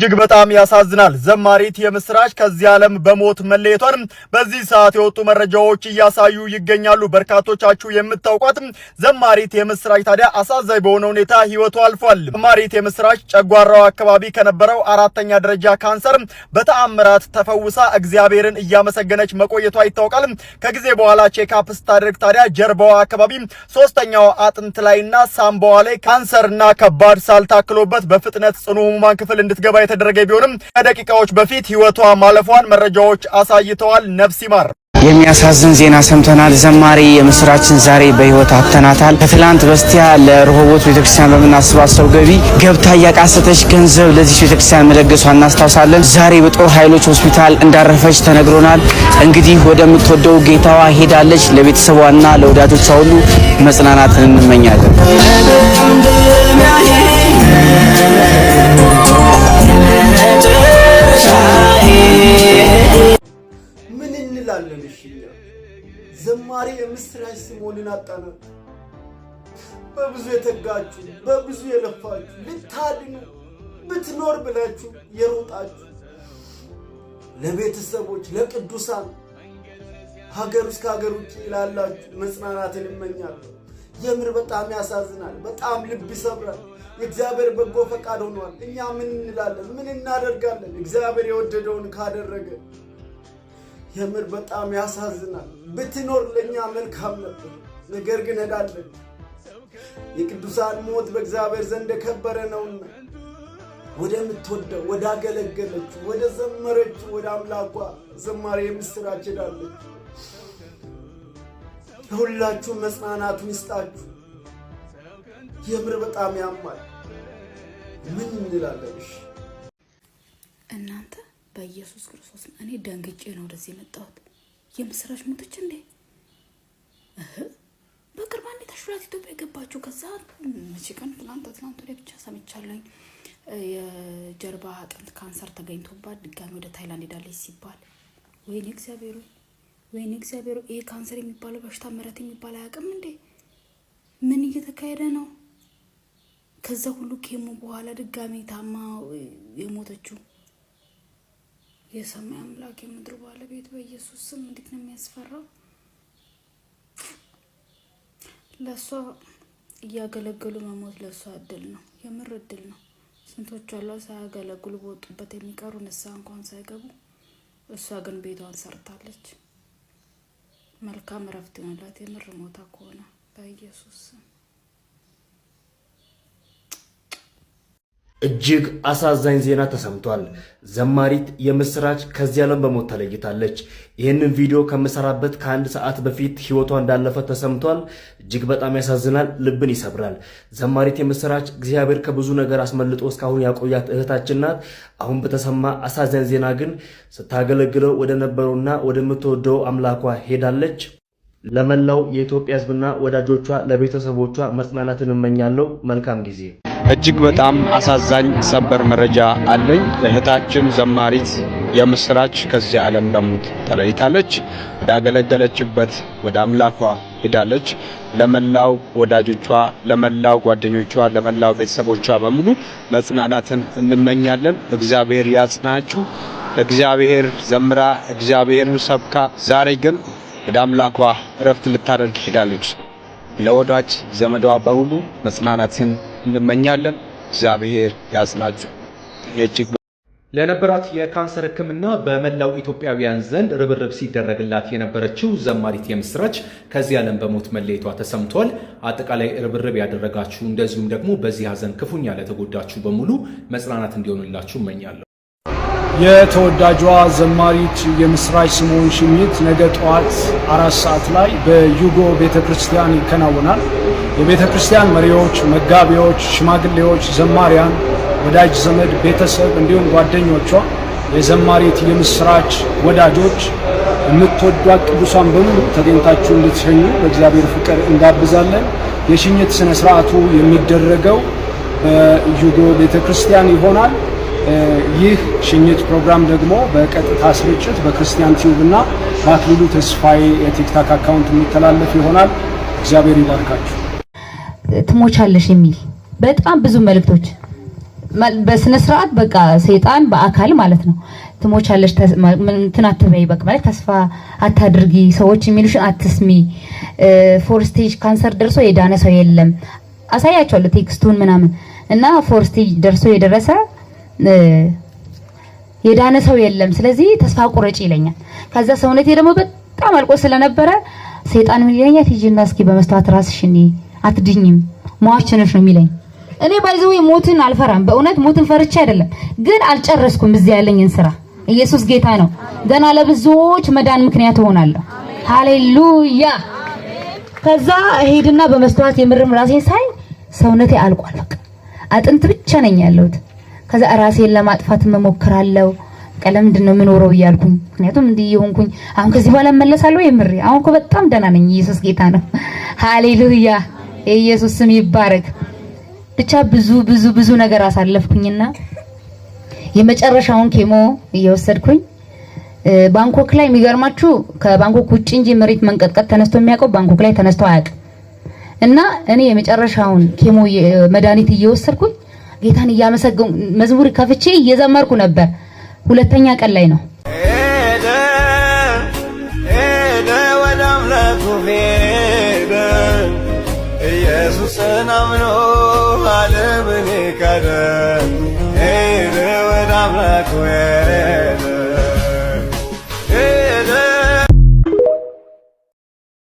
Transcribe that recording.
እጅግ በጣም ያሳዝናል። ዘማሪት የምስራች ከዚህ ዓለም በሞት መለየቷን በዚህ ሰዓት የወጡ መረጃዎች እያሳዩ ይገኛሉ። በርካቶቻችሁ የምታውቋት ዘማሪት የምስራች ታዲያ አሳዛኝ በሆነ ሁኔታ ህይወቱ አልፏል። ዘማሪት የምስራች ጨጓራው አካባቢ ከነበረው አራተኛ ደረጃ ካንሰር በተአምራት ተፈውሳ እግዚአብሔርን እያመሰገነች መቆየቷ ይታወቃል። ከጊዜ በኋላ ቼካፕ ስታደርግ ታዲያ ጀርባዋ አካባቢ ሶስተኛው አጥንት ላይና ሳምባዋ ላይ ካንሰርና ከባድ ሳል ታክሎበት በፍጥነት ጽኑ ሕሙማን ክፍል እንድትገባ የተደረገ ቢሆንም ከደቂቃዎች በፊት ህይወቷ ማለፏን መረጃዎች አሳይተዋል። ነፍስ ይማር። የሚያሳዝን ዜና ሰምተናል። ዘማሪ የምስራችን ዛሬ በህይወት አተናታል። ከትላንት በስቲያ ለረሆቦት ቤተክርስቲያን በምናሰባሰብ ገቢ ገብታ እያቃሰተች ገንዘብ ለዚች ቤተክርስቲያን መለገሷ እናስታውሳለን። ዛሬ በጦር ኃይሎች ሆስፒታል እንዳረፈች ተነግሮናል። እንግዲህ ወደምትወደው ጌታዋ ሄዳለች። ለቤተሰቧና ለወዳጆቿ ሁሉ መጽናናትን እንመኛለን። አለን። እሺ እኛ ዘማሪ የምስራች ስምዖንን አጣነ። በብዙ የተጋችሁ በብዙ የለፋችሁ ልታድኑ ብትኖር ብላችሁ የሮጣችሁ ለቤተሰቦች ለቅዱሳን ሀገር ውስጥ ከሀገር ውጭ ይላላችሁ መጽናናትን እመኛለሁ። የምር በጣም ያሳዝናል፣ በጣም ልብ ይሰብራል። የእግዚአብሔር በጎ ፈቃድ ሆኗል። እኛ ምን እንላለን? ምን እናደርጋለን? እግዚአብሔር የወደደውን ካደረገ የምር በጣም ያሳዝናል። ብትኖር ለእኛ መልካም ነበር፣ ነገር ግን ሄዳለን። የቅዱሳን ሞት በእግዚአብሔር ዘንድ የከበረ ነውና ወደምትወደው ወዳገለገለች፣ ወደ ዘመረች፣ ወደ አምላኳ ዘማሪ የምስራች ሄዳለች። ለሁላችሁ መጽናናቱን ይስጣችሁ። የምር በጣም ያማል። ምን እንላለን? በኢየሱስ ክርስቶስ እኔ ደንግጬ ነው ወደዚህ የመጣሁት። የምስራች ሞተች እንዴ? በቅርብ አንዴ ተሽሏት ኢትዮጵያ የገባችው ከዛ መቼ ቀን ትላንት ትላንት ወዲያ ብቻ ሰምቻለኝ። የጀርባ አጥንት ካንሰር ተገኝቶባት ድጋሚ ወደ ታይላንድ ሄዳለች ሲባል ወይኔ እግዚአብሔሩ፣ ወይኔ እግዚአብሔሩ። ይሄ ካንሰር የሚባለው በሽታ ምረት የሚባል አያውቅም እንዴ? ምን እየተካሄደ ነው? ከዛ ሁሉ ኬሞ በኋላ ድጋሚ ታማ የሞተችው የሰማይ አምላክ የምድር ባለቤት በኢየሱስ ስም እንዴት ነው የሚያስፈራው? ለእሷ እያገለገሉ መሞት ለእሷ እድል ነው፣ የምር እድል ነው። ስንቶች አሏ ሳያገለግሉ በወጡበት የሚቀሩ ንስሐ እንኳን ሳይገቡ። እሷ ግን ቤቷን ሰርታለች። መልካም እረፍት ይሆንላት፣ የምር ሞታ ከሆነ በኢየሱስ ስም እጅግ አሳዛኝ ዜና ተሰምቷል። ዘማሪት የምስራች ከዚህ ዓለም በሞት ተለይታለች። ይህንን ቪዲዮ ከምሰራበት ከአንድ ሰዓት በፊት ሕይወቷ እንዳለፈ ተሰምቷል። እጅግ በጣም ያሳዝናል፣ ልብን ይሰብራል። ዘማሪት የምስራች እግዚአብሔር ከብዙ ነገር አስመልጦ እስካሁን ያቆያት እህታችን ናት። አሁን በተሰማ አሳዛኝ ዜና ግን ስታገለግለው ወደ ነበረውና ወደምትወደው አምላኳ ሄዳለች። ለመላው የኢትዮጵያ ሕዝብና ወዳጆቿ፣ ለቤተሰቦቿ መጽናናትን እመኛለሁ። መልካም ጊዜ እጅግ በጣም አሳዛኝ ሰበር መረጃ አለኝ። እህታችን ዘማሪት የምስራች ከዚህ ዓለም በሞት ተለይታለች። ያገለገለችበት ወደ አምላኳ ሄዳለች። ለመላው ወዳጆቿ፣ ለመላው ጓደኞቿ፣ ለመላው ቤተሰቦቿ በሙሉ መጽናናትን እንመኛለን። እግዚአብሔር ያጽናችሁ። እግዚአብሔር ዘምራ እግዚአብሔርን ሰብካ፣ ዛሬ ግን ወደ አምላኳ እረፍት ልታደርግ ሄዳለች። ለወዳጅ ዘመዷ በሙሉ መጽናናትን እንመኛለን። እግዚአብሔር ያጽናችሁ። ለነበራት የካንሰር ሕክምና በመላው ኢትዮጵያውያን ዘንድ ርብርብ ሲደረግላት የነበረችው ዘማሪት የምስራች ከዚህ ዓለም በሞት መለየቷ ተሰምቷል። አጠቃላይ ርብርብ ያደረጋችሁ እንደዚሁም ደግሞ በዚህ ሐዘን ክፉኛ ለተጎዳችሁ በሙሉ መጽናናት እንዲሆንላችሁ እመኛለሁ። የተወዳጇ ዘማሪት የምስራች ስምኦን ሽኝት ነገ ጠዋት አራት ሰዓት ላይ በዩጎ ቤተ ክርስቲያን ይከናወናል። የቤተ ክርስቲያን መሪዎች፣ መጋቢዎች፣ ሽማግሌዎች፣ ዘማሪያን፣ ወዳጅ ዘመድ፣ ቤተሰብ እንዲሁም ጓደኞቿ የዘማሪት የምስራች ወዳጆች የምትወዷት ቅዱሳን በሙሉ ተገኝታችሁ እንድትሸኙ በእግዚአብሔር ፍቅር እንጋብዛለን የሽኝት ስነ ስርዓቱ የሚደረገው በዩጎ ቤተ ክርስቲያን ይሆናል። ይህ ሽኝት ፕሮግራም ደግሞ በቀጥታ ስርጭት በክርስቲያን ቲዩብ እና በአክሊሉ ተስፋዬ የቲክታክ አካውንት የሚተላለፍ ይሆናል። እግዚአብሔር ይባርካችሁ። ትሞቻለሽ የሚል በጣም ብዙ መልእክቶች በስነ ስርዓት በቃ ሰይጣን በአካል ማለት ነው። ትሞቻለሽ እንትን አትበይ፣ በቃ ማለት ተስፋ አታድርጊ፣ ሰዎች የሚሉሽን አትስሚ፣ ፎርስቴጅ ካንሰር ደርሶ የዳነ ሰው የለም። አሳያቸዋለሁ ቴክስቱን ምናምን እና ፎርስቴጅ ደርሶ የደረሰ የዳነ ሰው የለም፣ ስለዚህ ተስፋ ቁረጭ ይለኛል። ከዛ ሰውነቴ ደግሞ በጣም አልቆ ስለነበረ ሰይጣን ምን ይለኛል? ሂጂና እስኪ በመስተዋት ራስሽ እኔ አትድኝም፣ ሟች ነው የሚለኝ። እኔ ባይዘው ሞትን አልፈራም። በእውነት ሞትን ፈርቼ አይደለም፣ ግን አልጨረስኩም እዚህ ያለኝን ስራ። ኢየሱስ ጌታ ነው። ገና ለብዙዎች መዳን ምክንያት እሆናለሁ። ሃሌሉያ። ከዛ ሄድና በመስታወት የምርም ራሴን ሳይ ሰውነቴ አልቋል። በቃ አጥንት ብቻ ነኝ ያለሁት። ከዛ ራሴን ለማጥፋት መሞክራለሁ። ቀለም ምንድን ነው የምኖረው እያልኩኝ ምክንያቱም እንዲህ የሆንኩኝ አሁን ከዚህ በኋላ መለሳለሁ። የምሬ አሁን እኮ በጣም ደህና ነኝ። ኢየሱስ ጌታ ነው። ሃሌሉያ! የኢየሱስ ስም ይባረክ። ብቻ ብዙ ብዙ ብዙ ነገር አሳለፍኩኝና የመጨረሻውን ኬሞ እየወሰድኩኝ ባንኮክ ላይ የሚገርማችሁ ከባንኮክ ውጭ እንጂ መሬት መንቀጥቀጥ ተነስቶ የሚያውቀው ባንኮክ ላይ ተነስቶ አያውቅም። እና እኔ የመጨረሻውን ኬሞ መድኃኒት እየወሰድኩኝ ጌታን እያመሰገንኩ መዝሙር ከፍቼ እየዘመርኩ ነበር። ሁለተኛ ቀን ላይ ነው ኢየሱስን አምኖ ዓለምን ሄደ ወደ አምላኩ